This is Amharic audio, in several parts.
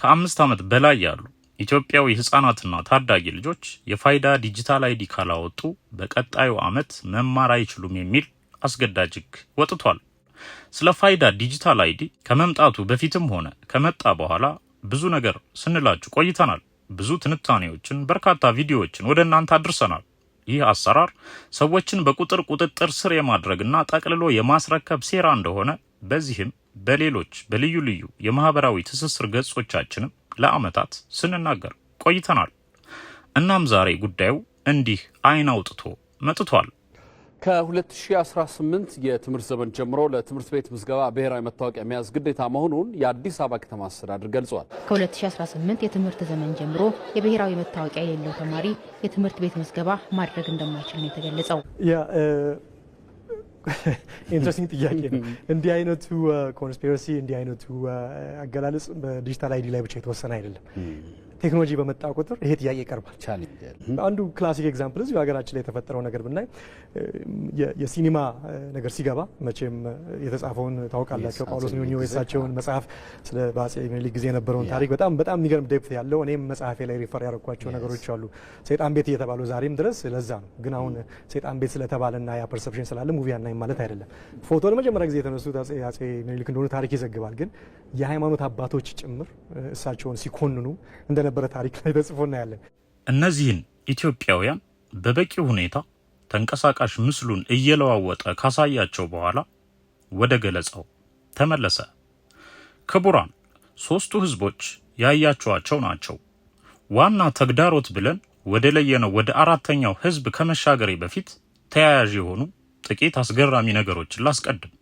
ከአምስት ዓመት በላይ ያሉ ኢትዮጵያዊ ህጻናትና ታዳጊ ልጆች የፋይዳ ዲጂታል አይዲ ካላወጡ በቀጣዩ ዓመት መማር አይችሉም የሚል አስገዳጅ ህግ ወጥቷል። ስለ ፋይዳ ዲጂታል አይዲ ከመምጣቱ በፊትም ሆነ ከመጣ በኋላ ብዙ ነገር ስንላችሁ ቆይተናል። ብዙ ትንታኔዎችን፣ በርካታ ቪዲዮዎችን ወደ እናንተ አድርሰናል። ይህ አሰራር ሰዎችን በቁጥር ቁጥጥር ስር የማድረግና ጠቅልሎ የማስረከብ ሴራ እንደሆነ በዚህም በሌሎች በልዩ ልዩ የማህበራዊ ትስስር ገጾቻችንም ለአመታት ስንናገር ቆይተናል። እናም ዛሬ ጉዳዩ እንዲህ አይን አውጥቶ መጥቷል። ከ2018 የትምህርት ዘመን ጀምሮ ለትምህርት ቤት ምዝገባ ብሔራዊ መታወቂያ መያዝ ግዴታ መሆኑን የአዲስ አበባ ከተማ አስተዳደር ገልጿል። ከ2018 የትምህርት ዘመን ጀምሮ የብሔራዊ መታወቂያ የሌለው ተማሪ የትምህርት ቤት ምዝገባ ማድረግ እንደማይችል ነው የተገለጸው። ኢንትረስቲንግ ጥያቄ ነው። እንዲህ አይነቱ ኮንስፒረሲ uh, እንዲህ አይነቱ uh, አገላለጽ በዲጂታል አይዲ ላይ ብቻ የተወሰነ አይደለም። ቴክኖሎጂ በመጣ ቁጥር ይሄ ጥያቄ ይቀርባል። አንዱ ክላሲክ ኤግዛምፕል እዚሁ ሀገራችን ላይ የተፈጠረው ነገር ብናይ የሲኒማ ነገር ሲገባ መቼም የተጻፈውን ታውቃላቸው ጳውሎስ ኒኞ የሳቸውን መጽሐፍ ስለ በአጼ ምኒልክ ጊዜ የነበረውን ታሪክ በጣም በጣም የሚገርም ዴፕት ያለው እኔም መጽሐፌ ላይ ሪፈር ያደረኳቸው ነገሮች አሉ። ሰይጣን ቤት እየተባሉ ዛሬም ድረስ ለዛ ነው። ግን አሁን ሰይጣን ቤት ስለተባለና ያ ፐርሰፕሽን ስላለ ሙቪ ያናይ ማለት አይደለም። ፎቶ ለመጀመሪያ ጊዜ የተነሱት አጼ ምኒልክ እንደሆኑ ታሪክ ይዘግባል። ግን የሃይማኖት አባቶች ጭምር እሳቸውን ሲኮንኑ እንደ እንደነበረ ታሪክ ላይ ተጽፎ እናያለን። እነዚህን ኢትዮጵያውያን በበቂ ሁኔታ ተንቀሳቃሽ ምስሉን እየለዋወጠ ካሳያቸው በኋላ ወደ ገለጻው ተመለሰ። ክቡራን፣ ሦስቱ ሕዝቦች ያያችኋቸው ናቸው። ዋና ተግዳሮት ብለን ወደ ለየነው ወደ አራተኛው ሕዝብ ከመሻገሬ በፊት ተያያዥ የሆኑ ጥቂት አስገራሚ ነገሮችን ላስቀድም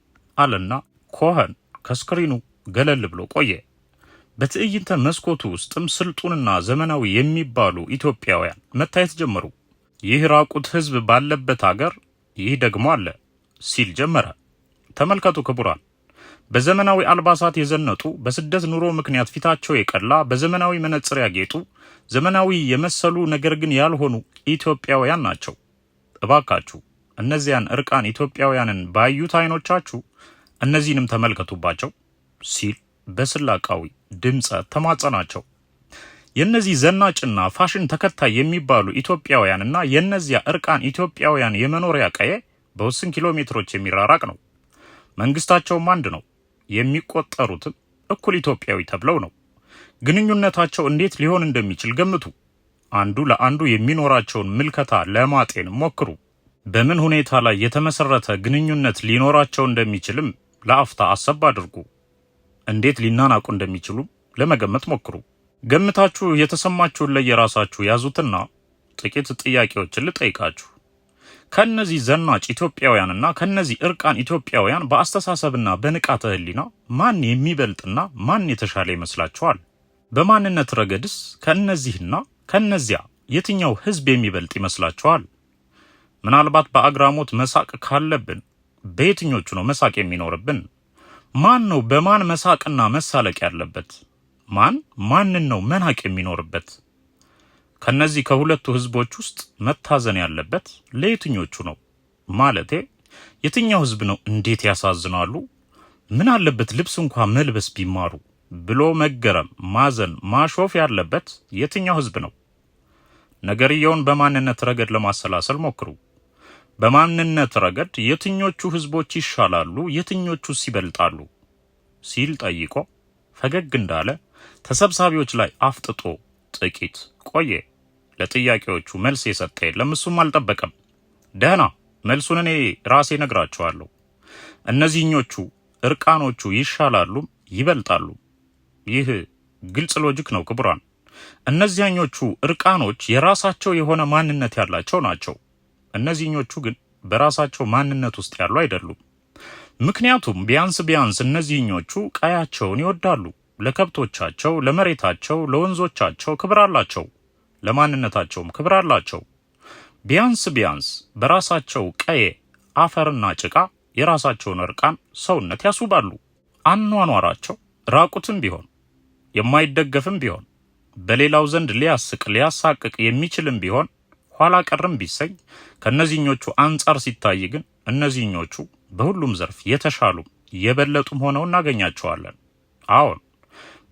አለና ኮኸን ከስክሪኑ ገለል ብሎ ቆየ። በትዕይንተ መስኮቱ ውስጥም ስልጡንና ዘመናዊ የሚባሉ ኢትዮጵያውያን መታየት ጀመሩ። ይህ ራቁት ህዝብ ባለበት አገር ይህ ደግሞ አለ ሲል ጀመረ። ተመልከቱ ክቡራን፣ በዘመናዊ አልባሳት የዘነጡ በስደት ኑሮ ምክንያት ፊታቸው የቀላ በዘመናዊ መነጽር ያጌጡ ዘመናዊ የመሰሉ ነገር ግን ያልሆኑ ኢትዮጵያውያን ናቸው። እባካችሁ እነዚያን እርቃን ኢትዮጵያውያንን ባዩት አይኖቻችሁ እነዚህንም ተመልከቱባቸው ሲል በስላቃዊ ድምፀ ተማጸናቸው። የእነዚህ ዘናጭና ፋሽን ተከታይ የሚባሉ ኢትዮጵያውያን እና የእነዚያ እርቃን ኢትዮጵያውያን የመኖሪያ ቀዬ በውስን ኪሎ ሜትሮች የሚራራቅ ነው። መንግስታቸውም አንድ ነው። የሚቆጠሩትም እኩል ኢትዮጵያዊ ተብለው ነው። ግንኙነታቸው እንዴት ሊሆን እንደሚችል ገምቱ። አንዱ ለአንዱ የሚኖራቸውን ምልከታ ለማጤን ሞክሩ። በምን ሁኔታ ላይ የተመሰረተ ግንኙነት ሊኖራቸው እንደሚችልም ለአፍታ አሰብ አድርጉ። እንዴት ሊናናቁ እንደሚችሉ ለመገመት ሞክሩ። ገምታችሁ የተሰማችሁን ለየራሳችሁ ያዙትና ጥቂት ጥያቄዎችን ልጠይቃችሁ። ከነዚህ ዘናጭ ኢትዮጵያውያንና ከነዚህ እርቃን ኢትዮጵያውያን በአስተሳሰብና በንቃተ ህሊና ማን የሚበልጥና ማን የተሻለ ይመስላችኋል? በማንነት ረገድስ ከእነዚህና ከእነዚያ የትኛው ህዝብ የሚበልጥ ይመስላችኋል? ምናልባት በአግራሞት መሳቅ ካለብን በየትኞቹ ነው መሳቅ የሚኖርብን? ማን ነው በማን መሳቅና መሳለቅ ያለበት? ማን ማንን ነው መናቅ የሚኖርበት? ከነዚህ ከሁለቱ ህዝቦች ውስጥ መታዘን ያለበት ለየትኞቹ ነው? ማለቴ የትኛው ህዝብ ነው እንዴት ያሳዝናሉ፣ ምን አለበት ልብስ እንኳ መልበስ ቢማሩ ብሎ መገረም፣ ማዘን፣ ማሾፍ ያለበት የትኛው ህዝብ ነው? ነገርየውን በማንነት ረገድ ለማሰላሰል ሞክሩ። በማንነት ረገድ የትኞቹ ህዝቦች ይሻላሉ፣ የትኞቹስ ይበልጣሉ ሲል ጠይቆ ፈገግ እንዳለ ተሰብሳቢዎች ላይ አፍጥጦ ጥቂት ቆየ። ለጥያቄዎቹ መልስ የሰጠ የለም። እሱም አልጠበቀም። ደህና መልሱን እኔ ራሴ ነግራቸዋለሁ። እነዚህኞቹ እርቃኖቹ ይሻላሉም ይበልጣሉ ይህ ግልጽ ሎጂክ ነው ክቡራን። እነዚያኞቹ እርቃኖች የራሳቸው የሆነ ማንነት ያላቸው ናቸው። እነዚህኞቹ ግን በራሳቸው ማንነት ውስጥ ያሉ አይደሉም። ምክንያቱም ቢያንስ ቢያንስ እነዚህኞቹ ቀያቸውን ይወዳሉ። ለከብቶቻቸው፣ ለመሬታቸው፣ ለወንዞቻቸው ክብር አላቸው። ለማንነታቸውም ክብር አላቸው። ቢያንስ ቢያንስ በራሳቸው ቀዬ አፈርና ጭቃ የራሳቸውን እርቃን ሰውነት ያስውባሉ። አኗኗራቸው ራቁትም ቢሆን የማይደገፍም ቢሆን በሌላው ዘንድ ሊያስቅ ሊያሳቅቅ የሚችልም ቢሆን ኋላ ቀርም ቢሰኝ ከእነዚህኞቹ አንጻር ሲታይ ግን እነዚህኞቹ በሁሉም ዘርፍ የተሻሉም የበለጡም ሆነው እናገኛቸዋለን። አዎን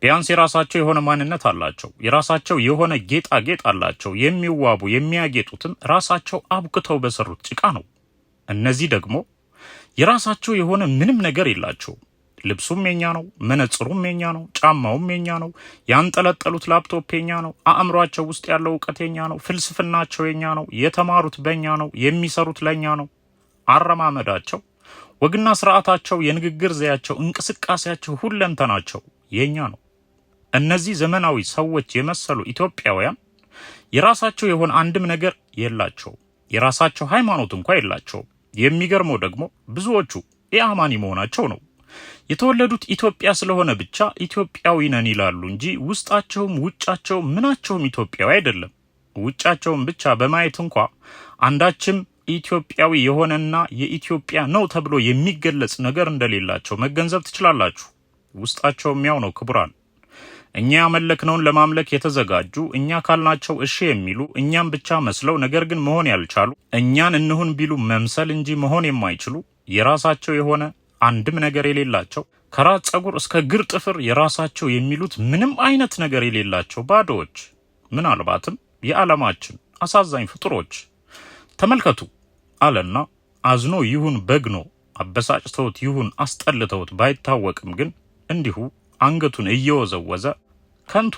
ቢያንስ የራሳቸው የሆነ ማንነት አላቸው። የራሳቸው የሆነ ጌጣጌጥ አላቸው። የሚዋቡ የሚያጌጡትም ራሳቸው አብክተው በሰሩት ጭቃ ነው። እነዚህ ደግሞ የራሳቸው የሆነ ምንም ነገር የላቸውም። ልብሱም የኛ ነው፣ መነጽሩም የኛ ነው፣ ጫማውም የኛ ነው፣ ያንጠለጠሉት ላፕቶፕ የኛ ነው፣ አእምሯቸው ውስጥ ያለው እውቀት የኛ ነው፣ ፍልስፍናቸው የኛ ነው፣ የተማሩት በእኛ ነው፣ የሚሰሩት ለእኛ ነው። አረማመዳቸው፣ ወግና ስርዓታቸው፣ የንግግር ዘያቸው፣ እንቅስቃሴያቸው፣ ሁለንተናቸው የኛ ነው። እነዚህ ዘመናዊ ሰዎች የመሰሉ ኢትዮጵያውያን የራሳቸው የሆነ አንድም ነገር የላቸው የራሳቸው ሃይማኖት እንኳ የላቸው የሚገርመው ደግሞ ብዙዎቹ የአማኒ መሆናቸው ነው። የተወለዱት ኢትዮጵያ ስለሆነ ብቻ ኢትዮጵያዊ ነን ይላሉ እንጂ ውስጣቸውም ውጫቸውም ምናቸውም ኢትዮጵያዊ አይደለም። ውጫቸውን ብቻ በማየት እንኳ አንዳችም ኢትዮጵያዊ የሆነና የኢትዮጵያ ነው ተብሎ የሚገለጽ ነገር እንደሌላቸው መገንዘብ ትችላላችሁ። ውስጣቸውም ያው ነው። ክቡራን እኛ ያመለክነውን ለማምለክ የተዘጋጁ እኛ ካልናቸው እሺ የሚሉ እኛም ብቻ መስለው ነገር ግን መሆን ያልቻሉ እኛን እንሁን ቢሉ መምሰል እንጂ መሆን የማይችሉ የራሳቸው የሆነ አንድም ነገር የሌላቸው ከራስ ጸጉር እስከ ግር ጥፍር የራሳቸው የሚሉት ምንም አይነት ነገር የሌላቸው ባዶዎች፣ ምናልባትም የዓለማችን አሳዛኝ ፍጡሮች ተመልከቱ አለና አዝኖ ይሁን በግኖ አበሳጭተውት ይሁን አስጠልተውት ባይታወቅም ግን እንዲሁ አንገቱን እየወዘወዘ ከንቱ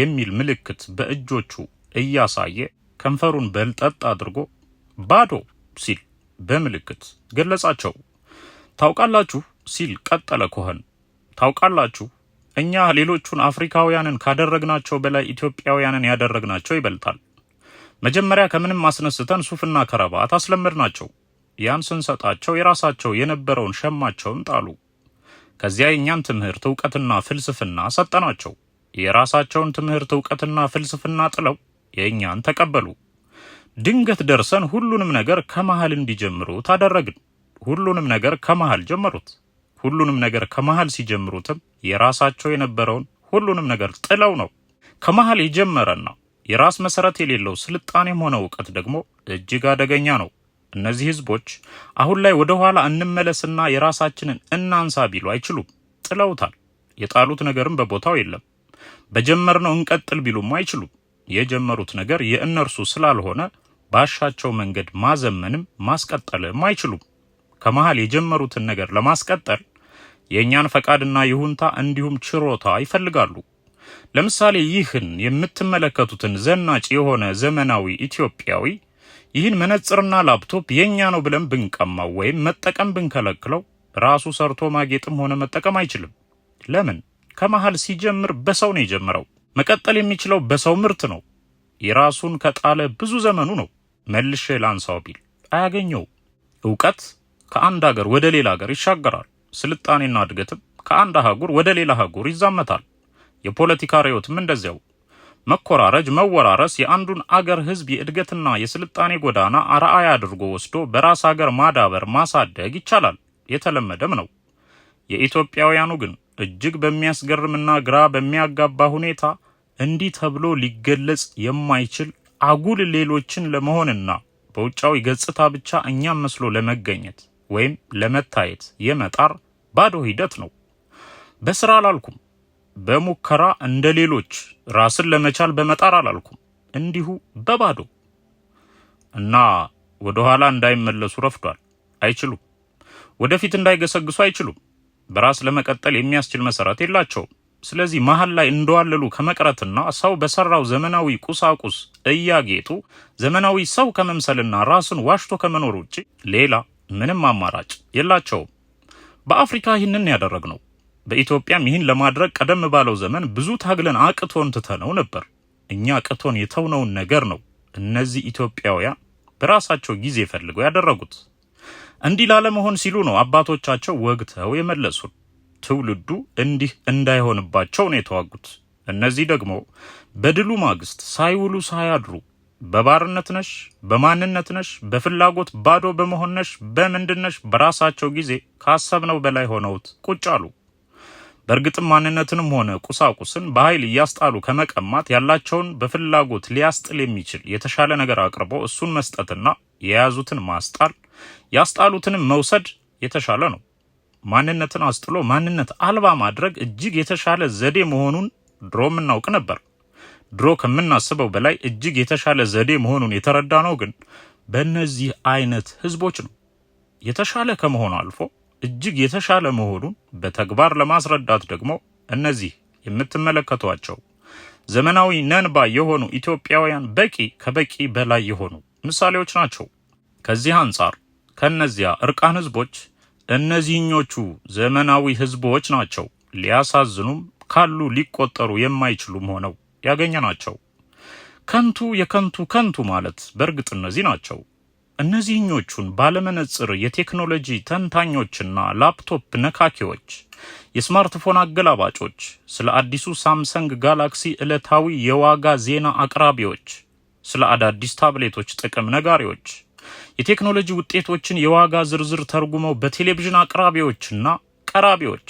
የሚል ምልክት በእጆቹ እያሳየ ከንፈሩን በልጠጥ አድርጎ ባዶ ሲል በምልክት ገለጻቸው። ታውቃላችሁ ሲል ቀጠለ ኮኸን። ታውቃላችሁ እኛ ሌሎቹን አፍሪካውያንን ካደረግናቸው በላይ ኢትዮጵያውያንን ያደረግናቸው ይበልጣል። መጀመሪያ ከምንም አስነስተን ሱፍና ከረባት አስለመድናቸው። ያን ስንሰጣቸው የራሳቸው የነበረውን ሸማቸውን ጣሉ። ከዚያ የእኛን ትምህርት እውቀትና ፍልስፍና ሰጠናቸው። የራሳቸውን ትምህርት እውቀትና ፍልስፍና ጥለው የእኛን ተቀበሉ። ድንገት ደርሰን ሁሉንም ነገር ከመሃል እንዲጀምሩ ታደረግን። ሁሉንም ነገር ከመሃል ጀመሩት። ሁሉንም ነገር ከመሃል ሲጀምሩትም የራሳቸው የነበረውን ሁሉንም ነገር ጥለው ነው። ከመሃል የጀመረና የራስ መሰረት የሌለው ስልጣኔም ሆነ እውቀት ደግሞ እጅግ አደገኛ ነው። እነዚህ ህዝቦች አሁን ላይ ወደ ኋላ እንመለስና የራሳችንን እናንሳ ቢሉ አይችሉም። ጥለውታል። የጣሉት ነገርም በቦታው የለም። በጀመርነው እንቀጥል ቢሉም አይችሉም። የጀመሩት ነገር የእነርሱ ስላልሆነ ባሻቸው መንገድ ማዘመንም ማስቀጠልም አይችሉም። ከመሀል የጀመሩትን ነገር ለማስቀጠል የእኛን ፈቃድና ይሁንታ እንዲሁም ችሮታ ይፈልጋሉ። ለምሳሌ ይህን የምትመለከቱትን ዘናጭ የሆነ ዘመናዊ ኢትዮጵያዊ ይህን መነጽርና ላፕቶፕ የእኛ ነው ብለን ብንቀማው ወይም መጠቀም ብንከለክለው ራሱ ሰርቶ ማጌጥም ሆነ መጠቀም አይችልም። ለምን? ከመሃል ሲጀምር በሰው ነው የጀመረው። መቀጠል የሚችለው በሰው ምርት ነው። የራሱን ከጣለ ብዙ ዘመኑ ነው። መልሼ ላንሳው ቢል አያገኘው እውቀት ከአንድ ሀገር ወደ ሌላ ሀገር ይሻገራል። ስልጣኔና እድገትም ከአንድ አህጉር ወደ ሌላ አህጉር ይዛመታል። የፖለቲካ ርዕዮትም እንደዚያው። መኮራረጅ፣ መወራረስ የአንዱን አገር ህዝብ የእድገትና የስልጣኔ ጎዳና አርአያ አድርጎ ወስዶ በራስ አገር ማዳበር፣ ማሳደግ ይቻላል። የተለመደም ነው። የኢትዮጵያውያኑ ግን እጅግ በሚያስገርምና ግራ በሚያጋባ ሁኔታ እንዲህ ተብሎ ሊገለጽ የማይችል አጉል ሌሎችን ለመሆንና በውጫዊ ገጽታ ብቻ እኛም መስሎ ለመገኘት ወይም ለመታየት የመጣር ባዶ ሂደት ነው። በስራ አላልኩም። በሙከራ እንደ ሌሎች ራስን ለመቻል በመጣር አላልኩም። እንዲሁ በባዶ እና ወደኋላ እንዳይመለሱ ረፍዷል። አይችሉም። ወደፊት እንዳይገሰግሱ አይችሉም። በራስ ለመቀጠል የሚያስችል መሰረት የላቸውም። ስለዚህ መሀል ላይ እንደዋለሉ ከመቅረትና ሰው በሰራው ዘመናዊ ቁሳቁስ እያጌጡ ዘመናዊ ሰው ከመምሰልና ራስን ዋሽቶ ከመኖር ውጭ ሌላ ምንም አማራጭ የላቸውም። በአፍሪካ ይህንን ያደረግ ነው በኢትዮጵያም ይህን ለማድረግ ቀደም ባለው ዘመን ብዙ ታግለን አቅቶን ትተነው ነበር። እኛ አቅቶን የተውነውን ነገር ነው እነዚህ ኢትዮጵያውያን በራሳቸው ጊዜ ፈልገው ያደረጉት። እንዲህ ላለመሆን ሲሉ ነው አባቶቻቸው ወግተው የመለሱን። ትውልዱ እንዲህ እንዳይሆንባቸው ነው የተዋጉት። እነዚህ ደግሞ በድሉ ማግስት ሳይውሉ ሳያድሩ በባርነት ነሽ፣ በማንነት ነሽ፣ በፍላጎት ባዶ በመሆን ነሽ፣ በምንድን ነሽ በራሳቸው ጊዜ ካሰብነው በላይ ሆነውት ቁጭ አሉ። በእርግጥም ማንነትንም ሆነ ቁሳቁስን በኃይል እያስጣሉ ከመቀማት ያላቸውን በፍላጎት ሊያስጥል የሚችል የተሻለ ነገር አቅርቦ እሱን መስጠትና የያዙትን ማስጣል ያስጣሉትንም መውሰድ የተሻለ ነው። ማንነትን አስጥሎ ማንነት አልባ ማድረግ እጅግ የተሻለ ዘዴ መሆኑን ድሮም እናውቅ ነበር። ድሮ ከምናስበው በላይ እጅግ የተሻለ ዘዴ መሆኑን የተረዳ ነው። ግን በእነዚህ አይነት ህዝቦች ነው የተሻለ ከመሆኑ አልፎ እጅግ የተሻለ መሆኑን በተግባር ለማስረዳት ደግሞ እነዚህ የምትመለከቷቸው ዘመናዊ ነንባ የሆኑ ኢትዮጵያውያን በቂ ከበቂ በላይ የሆኑ ምሳሌዎች ናቸው። ከዚህ አንጻር ከእነዚያ እርቃን ህዝቦች እነዚህኞቹ ዘመናዊ ህዝቦች ናቸው ሊያሳዝኑም ካሉ ሊቆጠሩ የማይችሉም ሆነው ያገኘ ናቸው። ከንቱ የከንቱ ከንቱ ማለት በእርግጥ እነዚህ ናቸው። እነዚህኞቹን ባለመነጽር የቴክኖሎጂ ተንታኞችና ላፕቶፕ ነካኪዎች፣ የስማርትፎን አገላባጮች፣ ስለ አዲሱ ሳምሰንግ ጋላክሲ ዕለታዊ የዋጋ ዜና አቅራቢዎች፣ ስለ አዳዲስ ታብሌቶች ጥቅም ነጋሪዎች፣ የቴክኖሎጂ ውጤቶችን የዋጋ ዝርዝር ተርጉመው በቴሌቪዥን አቅራቢዎችና ቀራቢዎች፣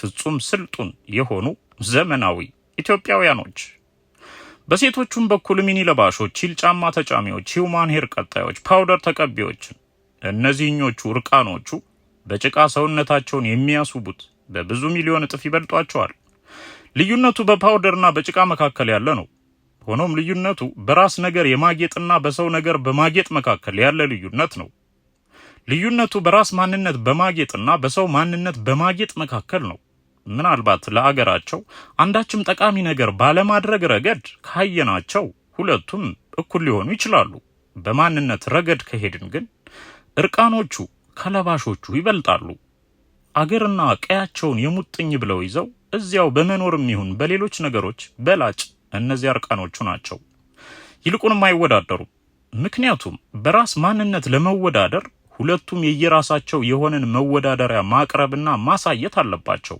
ፍጹም ስልጡን የሆኑ ዘመናዊ ኢትዮጵያውያኖች በሴቶቹም በኩል ሚኒ ለባሾች፣ ሂል ጫማ ተጫሚዎች፣ ሂውማን ሄር ቀጣዮች፣ ፓውደር ተቀቢዎች እነዚህኞቹ እርቃኖቹ በጭቃ ሰውነታቸውን የሚያስውቡት በብዙ ሚሊዮን እጥፍ ይበልጧቸዋል። ልዩነቱ በፓውደርና በጭቃ መካከል ያለ ነው። ሆኖም ልዩነቱ በራስ ነገር የማጌጥና በሰው ነገር በማጌጥ መካከል ያለ ልዩነት ነው። ልዩነቱ በራስ ማንነት በማጌጥና በሰው ማንነት በማጌጥ መካከል ነው። ምናልባት ለአገራቸው አንዳችም ጠቃሚ ነገር ባለማድረግ ረገድ ካየናቸው ሁለቱም እኩል ሊሆኑ ይችላሉ። በማንነት ረገድ ከሄድን ግን እርቃኖቹ ከለባሾቹ ይበልጣሉ። አገርና ቀያቸውን የሙጥኝ ብለው ይዘው እዚያው በመኖርም ይሁን በሌሎች ነገሮች በላጭ እነዚያ እርቃኖቹ ናቸው። ይልቁንም አይወዳደሩም። ምክንያቱም በራስ ማንነት ለመወዳደር ሁለቱም የየራሳቸው የሆነን መወዳደሪያ ማቅረብና ማሳየት አለባቸው።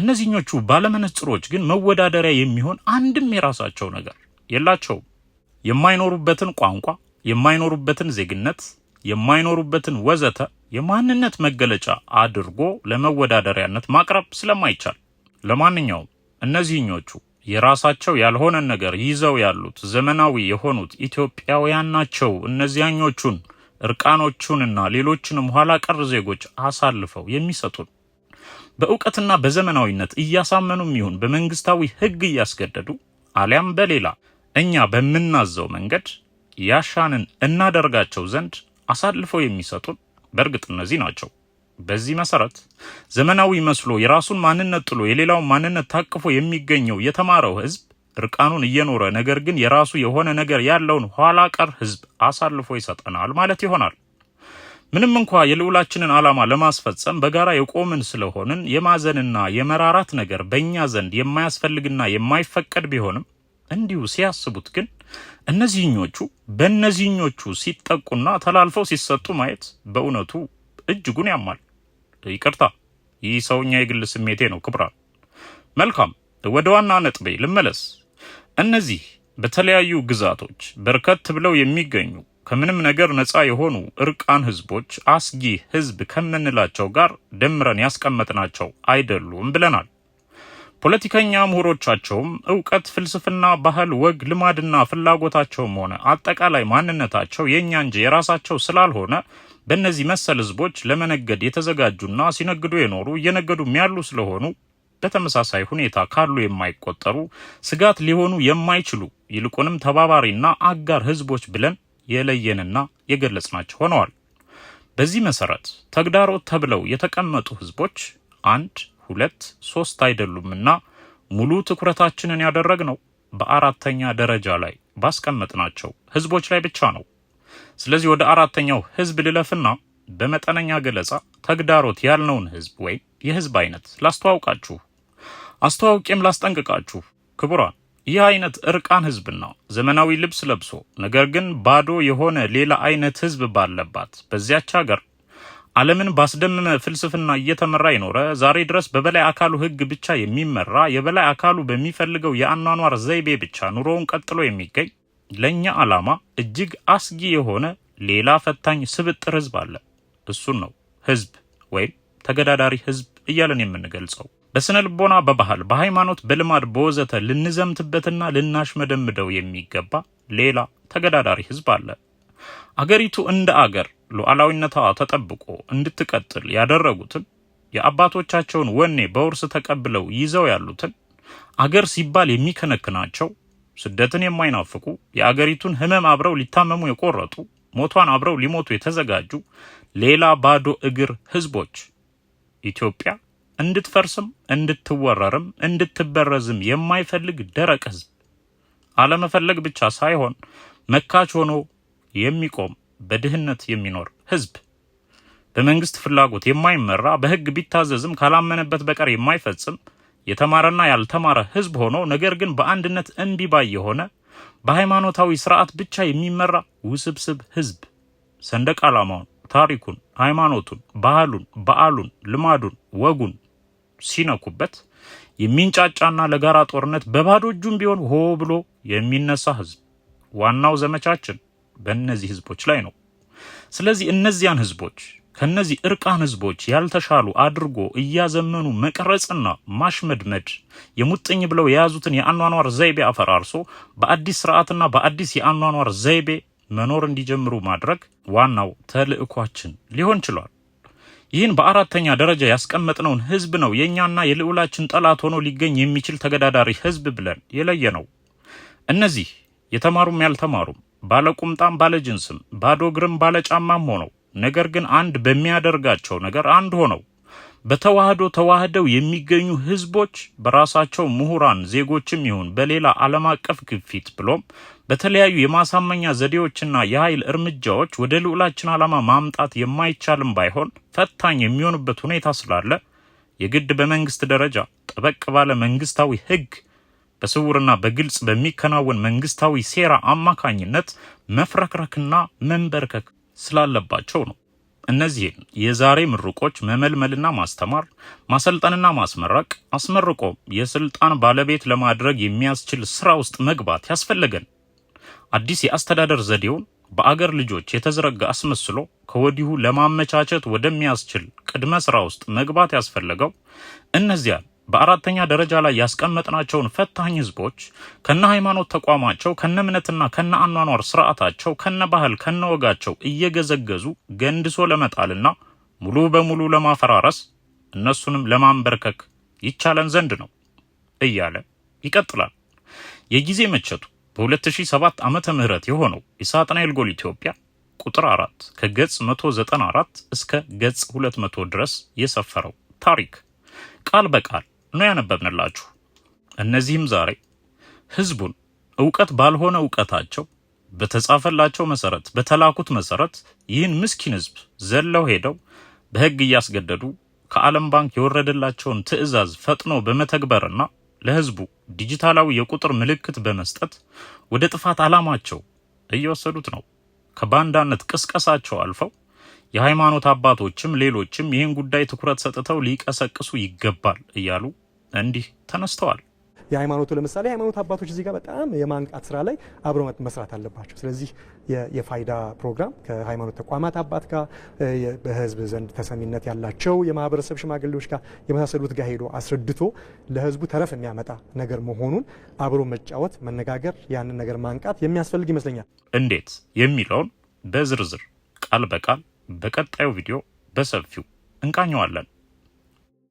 እነዚህኞቹ ባለመነጽሮች ግን መወዳደሪያ የሚሆን አንድም የራሳቸው ነገር የላቸውም። የማይኖሩበትን ቋንቋ፣ የማይኖሩበትን ዜግነት፣ የማይኖሩበትን ወዘተ የማንነት መገለጫ አድርጎ ለመወዳደሪያነት ማቅረብ ስለማይቻል፣ ለማንኛውም እነዚህኞቹ የራሳቸው ያልሆነን ነገር ይዘው ያሉት ዘመናዊ የሆኑት ኢትዮጵያውያን ናቸው። እነዚያኞቹን እርቃኖቹንና ሌሎችንም ኋላ ቀር ዜጎች አሳልፈው የሚሰጡን በእውቀትና በዘመናዊነት እያሳመኑም ይሁን በመንግስታዊ ህግ እያስገደዱ አሊያም በሌላ እኛ በምናዘው መንገድ ያሻንን እናደርጋቸው ዘንድ አሳልፈው የሚሰጡን በእርግጥ እነዚህ ናቸው። በዚህ መሰረት ዘመናዊ መስሎ የራሱን ማንነት ጥሎ የሌላውን ማንነት ታቅፎ የሚገኘው የተማረው ህዝብ እርቃኑን እየኖረ ነገር ግን የራሱ የሆነ ነገር ያለውን ኋላ ቀር ህዝብ አሳልፎ ይሰጠናል ማለት ይሆናል። ምንም እንኳ የልዑላችንን ዓላማ ለማስፈጸም በጋራ የቆምን ስለሆንን የማዘንና የመራራት ነገር በእኛ ዘንድ የማያስፈልግና የማይፈቀድ ቢሆንም እንዲሁ ሲያስቡት ግን እነዚህኞቹ በእነዚህኞቹ ሲጠቁና ተላልፈው ሲሰጡ ማየት በእውነቱ እጅጉን ያማል። ይቅርታ፣ ይህ ሰውኛ የግል ስሜቴ ነው። ክብራ መልካም፣ ወደ ዋና ነጥቤ ልመለስ። እነዚህ በተለያዩ ግዛቶች በርከት ብለው የሚገኙ ከምንም ነገር ነፃ የሆኑ እርቃን ህዝቦች አስጊ ህዝብ ከምንላቸው ጋር ደምረን ያስቀመጥናቸው አይደሉም ብለናል። ፖለቲከኛ ምሁሮቻቸውም እውቀት፣ ፍልስፍና፣ ባህል፣ ወግ፣ ልማድና ፍላጎታቸውም ሆነ አጠቃላይ ማንነታቸው የእኛ እንጂ የራሳቸው ስላልሆነ በእነዚህ መሰል ህዝቦች ለመነገድ የተዘጋጁና ሲነግዱ የኖሩ እየነገዱም ያሉ ስለሆኑ በተመሳሳይ ሁኔታ ካሉ የማይቆጠሩ ስጋት ሊሆኑ የማይችሉ ይልቁንም ተባባሪና አጋር ህዝቦች ብለን የለየንና የገለጽናቸው ሆነዋል። በዚህ መሰረት ተግዳሮት ተብለው የተቀመጡ ህዝቦች አንድ፣ ሁለት፣ ሶስት አይደሉምና ሙሉ ትኩረታችንን ያደረግነው በአራተኛ ደረጃ ላይ ባስቀመጥናቸው ህዝቦች ላይ ብቻ ነው። ስለዚህ ወደ አራተኛው ህዝብ ልለፍና በመጠነኛ ገለጻ ተግዳሮት ያልነውን ህዝብ ወይም የህዝብ አይነት ላስተዋውቃችሁ፣ አስተዋውቄም ላስጠንቅቃችሁ ክቡራን ይህ አይነት እርቃን ህዝብና ዘመናዊ ልብስ ለብሶ ነገር ግን ባዶ የሆነ ሌላ አይነት ህዝብ ባለባት በዚያች ሀገር ዓለምን ባስደመመ ፍልስፍና እየተመራ የኖረ ዛሬ ድረስ በበላይ አካሉ ህግ ብቻ የሚመራ የበላይ አካሉ በሚፈልገው የአኗኗር ዘይቤ ብቻ ኑሮውን ቀጥሎ የሚገኝ ለእኛ ዓላማ እጅግ አስጊ የሆነ ሌላ ፈታኝ ስብጥር ህዝብ አለ። እሱን ነው ህዝብ ወይም ተገዳዳሪ ህዝብ እያለን የምንገልጸው። በስነ ልቦና፣ በባህል፣ በሃይማኖት፣ በልማድ፣ በወዘተ ልንዘምትበትና ልናሽመደምደው የሚገባ ሌላ ተገዳዳሪ ህዝብ አለ። አገሪቱ እንደ አገር ሉዓላዊነቷ ተጠብቆ እንድትቀጥል ያደረጉትን የአባቶቻቸውን ወኔ በውርስ ተቀብለው ይዘው ያሉትን አገር ሲባል የሚከነክናቸው ስደትን የማይናፍቁ የአገሪቱን ህመም አብረው ሊታመሙ የቆረጡ ሞቷን አብረው ሊሞቱ የተዘጋጁ ሌላ ባዶ እግር ህዝቦች ኢትዮጵያ እንድትፈርስም እንድትወረርም እንድትበረዝም የማይፈልግ ደረቅ ህዝብ አለመፈለግ ብቻ ሳይሆን መካች ሆኖ የሚቆም በድህነት የሚኖር ህዝብ በመንግስት ፍላጎት የማይመራ በህግ ቢታዘዝም ካላመነበት በቀር የማይፈጽም የተማረና ያልተማረ ህዝብ ሆኖ ነገር ግን በአንድነት እምቢ የሆነ በሃይማኖታዊ ስርዓት ብቻ የሚመራ ውስብስብ ህዝብ ሰንደቅ ዓላማውን፣ ታሪኩን፣ ሃይማኖቱን፣ ባህሉን፣ በዓሉን፣ ልማዱን፣ ወጉን ሲነኩበት የሚንጫጫና ለጋራ ጦርነት በባዶ እጁም ቢሆን ሆ ብሎ የሚነሳ ህዝብ ዋናው ዘመቻችን በእነዚህ ህዝቦች ላይ ነው። ስለዚህ እነዚያን ህዝቦች ከነዚህ እርቃን ህዝቦች ያልተሻሉ አድርጎ እያዘመኑ መቅረጽና ማሽመድመድ የሙጥኝ ብለው የያዙትን የአኗኗር ዘይቤ አፈራርሶ በአዲስ ስርዓትና በአዲስ የአኗኗር ዘይቤ መኖር እንዲጀምሩ ማድረግ ዋናው ተልእኳችን ሊሆን ችሏል። ይህን በአራተኛ ደረጃ ያስቀመጥነውን ህዝብ ነው የእኛና የልዑላችን ጠላት ሆኖ ሊገኝ የሚችል ተገዳዳሪ ህዝብ ብለን የለየ ነው። እነዚህ የተማሩም ያልተማሩም ባለቁምጣም ባለጅንስም ባዶ እግርም ባለጫማም ሆነው ነገር ግን አንድ በሚያደርጋቸው ነገር አንድ ሆነው በተዋህዶ ተዋህደው የሚገኙ ህዝቦች በራሳቸው ምሁራን ዜጎችም ይሁን በሌላ ዓለም አቀፍ ግፊት ብሎም በተለያዩ የማሳመኛ ዘዴዎችና የኃይል እርምጃዎች ወደ ልዑላችን ዓላማ ማምጣት የማይቻልም ባይሆን ፈታኝ የሚሆንበት ሁኔታ ስላለ የግድ በመንግስት ደረጃ ጠበቅ ባለ መንግስታዊ ህግ በስውርና በግልጽ በሚከናወን መንግስታዊ ሴራ አማካኝነት መፍረክረክና መንበርከክ ስላለባቸው ነው። እነዚህን የዛሬ ምሩቆች መመልመልና ማስተማር፣ ማሰልጠንና ማስመረቅ፣ አስመርቆ የስልጣን ባለቤት ለማድረግ የሚያስችል ስራ ውስጥ መግባት ያስፈለገን አዲስ የአስተዳደር ዘዴውን በአገር ልጆች የተዘረጋ አስመስሎ ከወዲሁ ለማመቻቸት ወደሚያስችል ቅድመ ስራ ውስጥ መግባት ያስፈለገው እነዚያን በአራተኛ ደረጃ ላይ ያስቀመጥናቸውን ፈታኝ ህዝቦች ከነ ሃይማኖት ተቋማቸው ከነ እምነትና ከነ አኗኗር ስርዓታቸው ከነ ባህል ከነ ወጋቸው እየገዘገዙ ገንድሶ ለመጣልና ሙሉ በሙሉ ለማፈራረስ እነሱንም ለማንበርከክ ይቻለን ዘንድ ነው እያለ ይቀጥላል። የጊዜ መቸቱ በ2007 ዓመተ ምህረት የሆነው የሳጥናኤል ጎል ኢትዮጵያ ቁጥር 4 ከገጽ 194 እስከ ገጽ 200 ድረስ የሰፈረው ታሪክ ቃል በቃል ነው ያነበብንላችሁ። እነዚህም ዛሬ ህዝቡን እውቀት ባልሆነ እውቀታቸው በተጻፈላቸው መሰረት በተላኩት መሰረት ይህን ምስኪን ህዝብ ዘለው ሄደው በህግ እያስገደዱ ከዓለም ባንክ የወረደላቸውን ትዕዛዝ ፈጥኖ በመተግበርና ለህዝቡ ዲጂታላዊ የቁጥር ምልክት በመስጠት ወደ ጥፋት ዓላማቸው እየወሰዱት ነው። ከባንዳነት ቅስቀሳቸው አልፈው የሃይማኖት አባቶችም ሌሎችም ይህን ጉዳይ ትኩረት ሰጥተው ሊቀሰቅሱ ይገባል እያሉ እንዲህ ተነስተዋል። የሃይማኖቱ ለምሳሌ ሃይማኖት አባቶች እዚህ ጋር በጣም የማንቃት ስራ ላይ አብሮ መስራት አለባቸው። ስለዚህ የፋይዳ ፕሮግራም ከሃይማኖት ተቋማት አባት ጋር በህዝብ ዘንድ ተሰሚነት ያላቸው የማህበረሰብ ሽማግሌዎች ጋር የመሳሰሉት ጋር ሄዶ አስረድቶ ለህዝቡ ተረፍ የሚያመጣ ነገር መሆኑን አብሮ መጫወት፣ መነጋገር፣ ያንን ነገር ማንቃት የሚያስፈልግ ይመስለኛል። እንዴት የሚለውን በዝርዝር ቃል በቃል በቀጣዩ ቪዲዮ በሰፊው እንቃኘዋለን።